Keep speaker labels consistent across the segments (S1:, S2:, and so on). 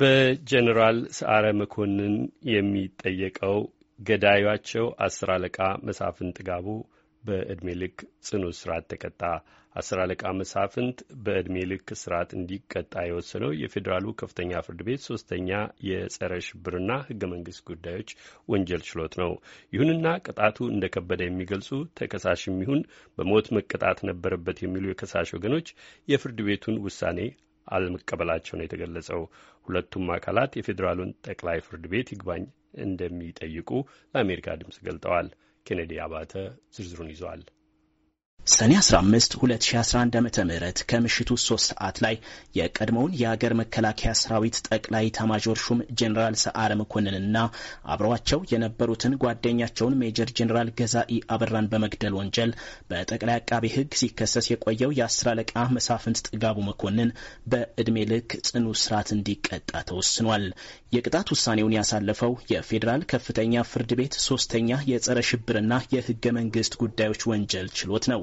S1: በጀኔራል ሰዓረ መኮንን የሚጠየቀው ገዳያቸው አስር አለቃ መሳፍን ጥጋቡ በዕድሜ ልክ ጽኑ እስራት ተቀጣ። አስር አለቃ መሳፍንት በዕድሜ ልክ እስራት እንዲቀጣ የወሰነው የፌዴራሉ ከፍተኛ ፍርድ ቤት ሶስተኛ የጸረ ሽብርና ህገ መንግስት ጉዳዮች ወንጀል ችሎት ነው። ይሁንና ቅጣቱ እንደ ከበደ የሚገልጹ ተከሳሽም ይሁን በሞት መቀጣት ነበረበት የሚሉ የከሳሽ ወገኖች የፍርድ ቤቱን ውሳኔ አለመቀበላቸው ነው የተገለጸው። ሁለቱም አካላት የፌዴራሉን ጠቅላይ ፍርድ ቤት ይግባኝ እንደሚጠይቁ ለአሜሪካ ድምፅ ገልጠዋል። ኬኔዲ አባተ ዝርዝሩን ይዟል።
S2: ሰኔ 15 2011 ዓ ም ከምሽቱ 3 ሰዓት ላይ የቀድሞውን የአገር መከላከያ ሰራዊት ጠቅላይ ኤታማዦር ሹም ጄኔራል ሰዓረ መኮንንና አብረዋቸው የነበሩትን ጓደኛቸውን ሜጀር ጄኔራል ገዛኢ አበራን በመግደል ወንጀል በጠቅላይ አቃቢ ሕግ ሲከሰስ የቆየው የአስር አለቃ መሳፍንት ጥጋቡ መኮንን በዕድሜ ልክ ጽኑ እስራት እንዲቀጣ ተወስኗል። የቅጣት ውሳኔውን ያሳለፈው የፌዴራል ከፍተኛ ፍርድ ቤት ሶስተኛ የጸረ ሽብርና የህገ መንግስት ጉዳዮች ወንጀል ችሎት ነው።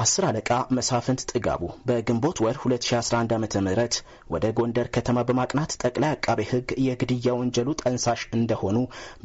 S2: አስር አለቃ መሳፍንት ጥጋቡ በግንቦት ወር 2011 ዓ ም ወደ ጎንደር ከተማ በማቅናት ጠቅላይ አቃቤ ሕግ የግድያ ወንጀሉ ጠንሳሽ እንደሆኑ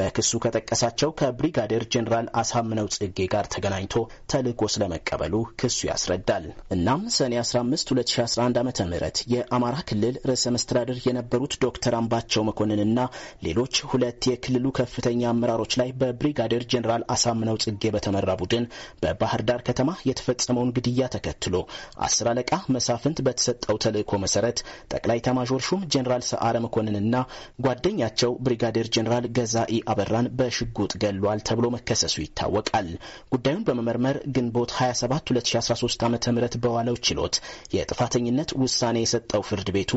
S2: በክሱ ከጠቀሳቸው ከብሪጋዴር ጀኔራል አሳምነው ጽጌ ጋር ተገናኝቶ ተልእኮ ስለመቀበሉ ክሱ ያስረዳል። እናም ሰኔ 15 2011 ዓ ም የአማራ ክልል ርዕሰ መስተዳድር የነበሩት ዶክተር አምባቸው መኮንንና ሌሎች ሁለት የክልሉ ከፍተኛ አመራሮች ላይ በብሪጋዴር ጀኔራል አሳምነው ጽጌ በተመራ ቡድን በባህር ዳር ከተማ የተፈጸ የተፈጸመውን ግድያ ተከትሎ አስር አለቃ መሳፍንት በተሰጠው ተልዕኮ መሰረት ጠቅላይ ኤታማዦር ሹም ጀኔራል ሰዓረ መኮንንና ጓደኛቸው ብሪጋዴር ጀኔራል ገዛኢ አበራን በሽጉጥ ገሏል ተብሎ መከሰሱ ይታወቃል። ጉዳዩን በመመርመር ግንቦት 27 2013 ዓ ም በዋለው ችሎት የጥፋተኝነት ውሳኔ የሰጠው ፍርድ ቤቱ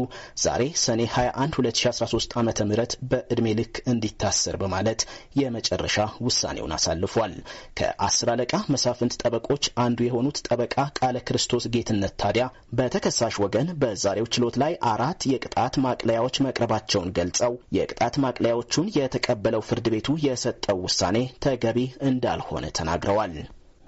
S2: ዛሬ ሰኔ 21 2013 ዓ ም በዕድሜ ልክ እንዲታሰር በማለት የመጨረሻ ውሳኔውን አሳልፏል። ከአስር አለቃ መሳፍንት ጠበቆች አንዱ የሆኑት ጠበቃ ቃለ ክርስቶስ ጌትነት ታዲያ በተከሳሽ ወገን በዛሬው ችሎት ላይ አራት የቅጣት ማቅለያዎች መቅረባቸውን ገልጸው የቅጣት ማቅለያዎቹን የተቀበለው ፍርድ ቤቱ የሰጠው ውሳኔ ተገቢ እንዳልሆነ ተናግረዋል።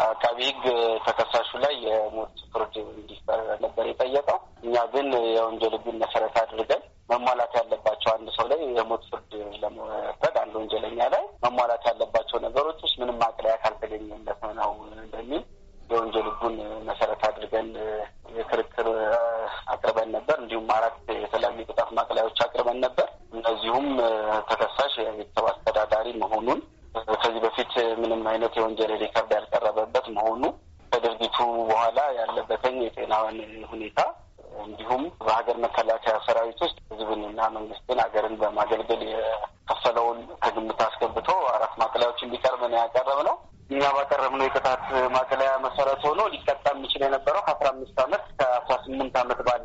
S3: አቃቢ ሕግ ተከሳሹ ላይ የሞት ፍርድ እንዲፈረድ ነበር የጠየቀው። እኛ ግን የወንጀል ሕጉን መሰረት አድርገን መሟላት ያለባቸው አንድ ሰው ላይ የሞት ፍርድ የተለያዩ የቅጣት ማቅለያዎች አቅርበን ነበር። እነዚሁም ተከሳሽ የቤተሰብ አስተዳዳሪ መሆኑን ከዚህ በፊት ምንም አይነት የወንጀል ሪከርድ ያልቀረበበት መሆኑ ከድርጊቱ በኋላ ያለበትን የጤናዋን ሁኔታ እንዲሁም በሀገር መከላከያ ሰራዊት ውስጥ ህዝብንና መንግስትን ሀገርን በማገልገል የከፈለውን ከግምት አስገብቶ አራት ማቅለያዎች እንዲቀርብ ነው ነው። እኛ ባቀረብነው የቅጣት ማቅለያ መሰረት ሆኖ ሊቀጣ የሚችል የነበረው ከአስራ አምስት አመት ከአስራ ስምንት አመት ባለ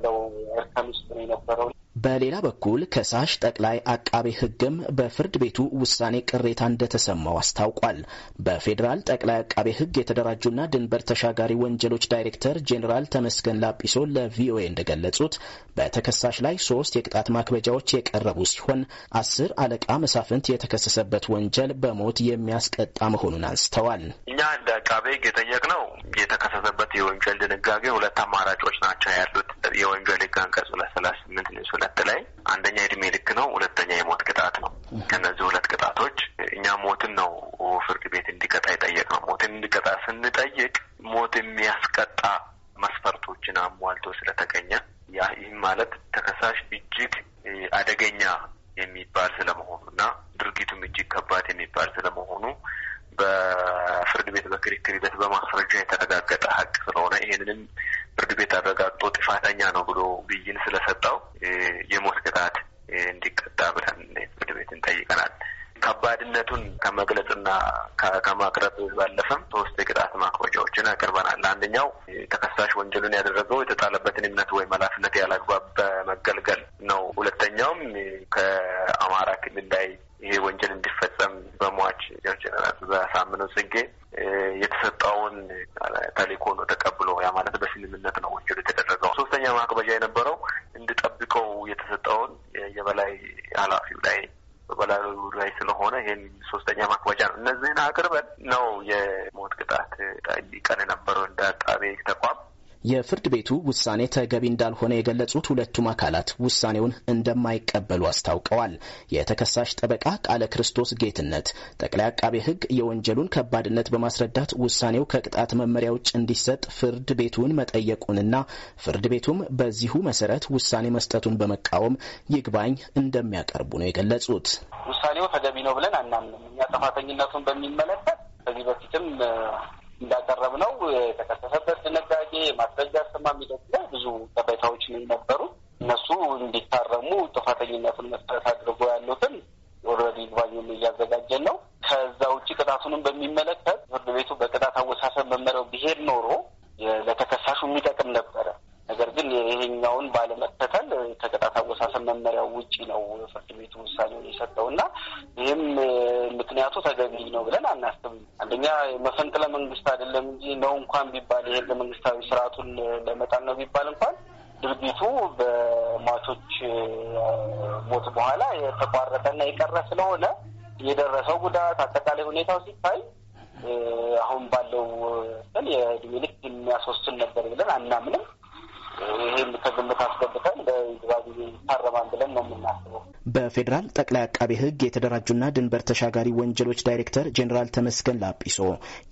S2: በሌላ በኩል ከሳሽ ጠቅላይ አቃቤ ሕግም በፍርድ ቤቱ ውሳኔ ቅሬታ እንደተሰማው አስታውቋል። በፌዴራል ጠቅላይ አቃቤ ሕግ የተደራጁና ድንበር ተሻጋሪ ወንጀሎች ዳይሬክተር ጄኔራል ተመስገን ላጲሶ ለቪኦኤ እንደገለጹት በተከሳሽ ላይ ሶስት የቅጣት ማክበጃዎች የቀረቡ ሲሆን አስር አለቃ መሳፍንት የተከሰሰበት ወንጀል በሞት የሚያስቀጣ መሆኑን አንስተዋል። እኛ እንደ አቃቤ ሕግ የጠየቅነው
S1: የተከሰሰበት የወንጀል ድንጋጌ ሁለት አማራጮች ናቸው ያሉት የወንጀል ሕግ አንቀጽ ሁለት ሰላሳ ስምንት ሁለት ቅጣት ላይ አንደኛ እድሜ ልክ ነው፣ ሁለተኛ የሞት ቅጣት ነው። ከነዚህ ሁለት ቅጣቶች እኛ ሞትን ነው ፍርድ ቤት እንዲቀጣ ይጠየቅ ነው። ሞትን እንዲቀጣ ስንጠይቅ ሞት የሚያስቀጣ መስፈርቶችን አሟልቶ ስለተገኘ ይህም ማለት ተከሳሽ እጅግ አደገኛ የሚባል ስለመሆኑ እና ድርጊቱም እጅግ ከባድ የሚባል ስለመሆኑ በፍርድ ቤት በክርክር ሂደት በማስረጃ የተረጋገጠ ሀቅ ስለሆነ ይሄንንም ፍርድ ቤት አረጋግጦ ጥፋተኛ ነው ብሎ ብይን ስለሰጠው የሞት ቅጣት እንዲቀጣ ብለን ፍርድ ቤት እንጠይቀናል። ከባድነቱን ከመግለጽና ከማቅረብ ባለፈም ሶስት የቅጣት ማክበጃዎችን አቅርበናል። አንደኛው ተከሳሽ ወንጀሉን ያደረገው የተጣለበትን እምነት ወይም ኃላፊነት ያላግባብ በመገልገል ነው። ሁለተኛውም ከአማራ ክልል ላይ ይሄ ወንጀል እንዲፈጸም በሟች ጀነራል በሳምነው ጽጌ የተሰጠውን ተልእኮ ነው ተቀብሎ ያ ማለት በስልምነት ነው ወንጀል የተደረገው። ሶስተኛ ማክበጃ የነበረው እንድጠብቀው የተሰጠውን የበላይ ኃላፊው ላይ በበላዩ ላይ ስለሆነ ይህን ሶስተኛ ማክበጃ ነው። እነዚህን አቅርበን ነው የሞት ቅጣት ቀን የነበረው እንደ አቃቤ ተቋም
S2: የፍርድ ቤቱ ውሳኔ ተገቢ እንዳልሆነ የገለጹት ሁለቱም አካላት ውሳኔውን እንደማይቀበሉ አስታውቀዋል። የተከሳሽ ጠበቃ ቃለ ክርስቶስ ጌትነት ጠቅላይ አቃቤ ሕግ የወንጀሉን ከባድነት በማስረዳት ውሳኔው ከቅጣት መመሪያ ውጭ እንዲሰጥ ፍርድ ቤቱን መጠየቁንና ፍርድ ቤቱም በዚሁ መሰረት ውሳኔ መስጠቱን በመቃወም ይግባኝ እንደሚያቀርቡ ነው የገለጹት።
S3: ውሳኔው ተገቢ ነው ብለን አናምንም። እኛ ጥፋተኝነቱን በሚመለከት ከዚህ በፊትም እንዳቀረብ ነው የተከሰሰበት ድንጋጌ የማስረጃ ስማ የሚደግፍ ብዙ ጠበታዎች ነው የነበሩ እነሱ እንዲታረሙ ጥፋተኝነትን መሰረት አድርጎ ያሉትን ኦልሬዲ ይግባኙን እያዘጋጀን ነው። ከዛ ውጭ ቅጣቱንም በሚመለከት ፍርድ ቤቱ በቅጣት አወሳሰብ መመሪያው ብሄድ ኖሮ ለተከሳሹ የሚጠቅም ነበረ። ነገር ግን ይሄኛውን ባለመከተል ከቅጣት አወሳሰብ መመሪያው ውጪ ነው ፍርድ ቤቱ ውሳኔውን የሰጠው እና ይህም ምክንያቱ ተገቢ ነው ብለን አናስብም። አንደኛ መፈንቅለ መንግስት አይደለም እንጂ ነው እንኳን ቢባል ይሄ መንግስታዊ ስርዓቱን ለመጣን ነው ቢባል እንኳን ድርጊቱ በሟቾች ሞት በኋላ የተቋረጠና የቀረ ስለሆነ የደረሰው ጉዳት አጠቃላይ ሁኔታው ሲታይ አሁን ባለው ስል የእድሜ ልክ የሚያስወስን ነበር ብለን አናምንም። ይህም ከግምት አስገብተን ጊዜ ይታረማል ብለን ነው የምናስበው።
S2: በፌዴራል ጠቅላይ አቃቤ ሕግ የተደራጁና ድንበር ተሻጋሪ ወንጀሎች ዳይሬክተር ጄኔራል ተመስገን ላጲሶ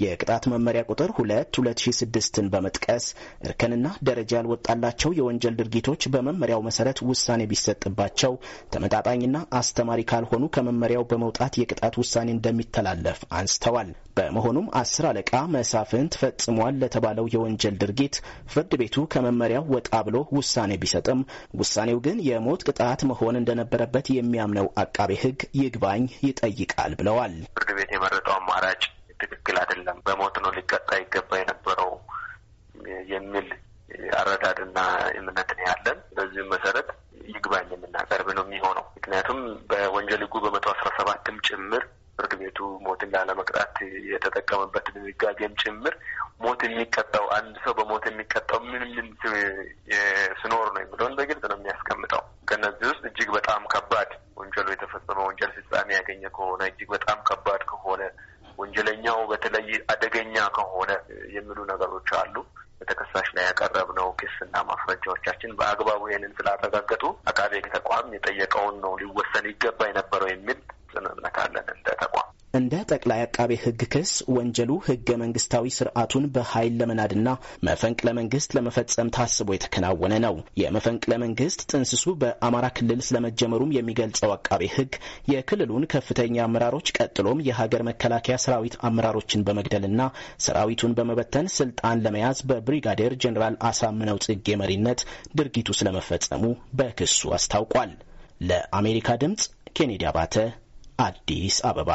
S2: የቅጣት መመሪያ ቁጥር ሁለት ሁለት ሺ ስድስትን በመጥቀስ እርከንና ደረጃ ያልወጣላቸው የወንጀል ድርጊቶች በመመሪያው መሰረት ውሳኔ ቢሰጥባቸው ተመጣጣኝና አስተማሪ ካልሆኑ ከመመሪያው በመውጣት የቅጣት ውሳኔ እንደሚተላለፍ አንስተዋል። በመሆኑም አስር አለቃ መሳፍንት ፈጽሟል ለተባለው የወንጀል ድርጊት ፍርድ ቤቱ ከመመሪያው ወጣ ብሎ ውሳኔ ቢሰጥም ውሳኔው ግን የሞት ቅጣት መሆን እንደነበረበት እንዳለበት የሚያምነው አቃቤ ሕግ ይግባኝ ይጠይቃል ብለዋል።
S1: ፍርድ ቤት የመረጠው አማራጭ ትክክል አይደለም፣ በሞት ነው ሊቀጣ ይገባ የነበረው የሚል አረዳድና እምነት ነው ያለን። በዚህም መሰረት ይግባኝ የምናቀርብ ነው የሚሆነው። ምክንያቱም በወንጀል ሕጉ በመቶ አስራ ሰባትም ጭምር ፍርድ ቤቱ ሞትን ላለመቅጣት የተጠቀመበት ድንጋጌም ጭምር ሞት የሚቀጣው አንድ ሰው በሞት የሚቀጣው ምን ምን ስኖር ነው የሚለውን በግልጽ ነው የሚያስቀምጠው። ከነዚህ ውስጥ እጅግ በጣም ከባድ ወንጀሉ የተፈጸመ ወንጀል ፍጻሜ ያገኘ ከሆነ እጅግ በጣም ከባድ ከሆነ ወንጀለኛው በተለይ አደገኛ ከሆነ የሚሉ ነገሮች አሉ። በተከሳሽ ላይ ያቀረብነው ክስና ማስረጃዎቻችን በአግባቡ ይህንን ስላረጋገጡ አቃቤ ተቋም የጠየቀውን ነው ሊወሰን ይገባ የነበረው የሚል
S2: እንደ ጠቅላይ አቃቤ ሕግ ክስ ወንጀሉ ህገ መንግስታዊ ስርዓቱን በኃይል ለመናድና መፈንቅለ መንግስት ለመፈጸም ታስቦ የተከናወነ ነው። የመፈንቅለ መንግስት ጥንስሱ በአማራ ክልል ስለመጀመሩም የሚገልጸው አቃቤ ሕግ የክልሉን ከፍተኛ አመራሮች ቀጥሎም የሀገር መከላከያ ሰራዊት አመራሮችን በመግደልና ሰራዊቱን በመበተን ስልጣን ለመያዝ በብሪጋዴር ጀኔራል አሳምነው ጽጌ መሪነት ድርጊቱ ስለመፈጸሙ በክሱ አስታውቋል። ለአሜሪካ ድምጽ ኬኔዲ አባተ አዲስ አበባ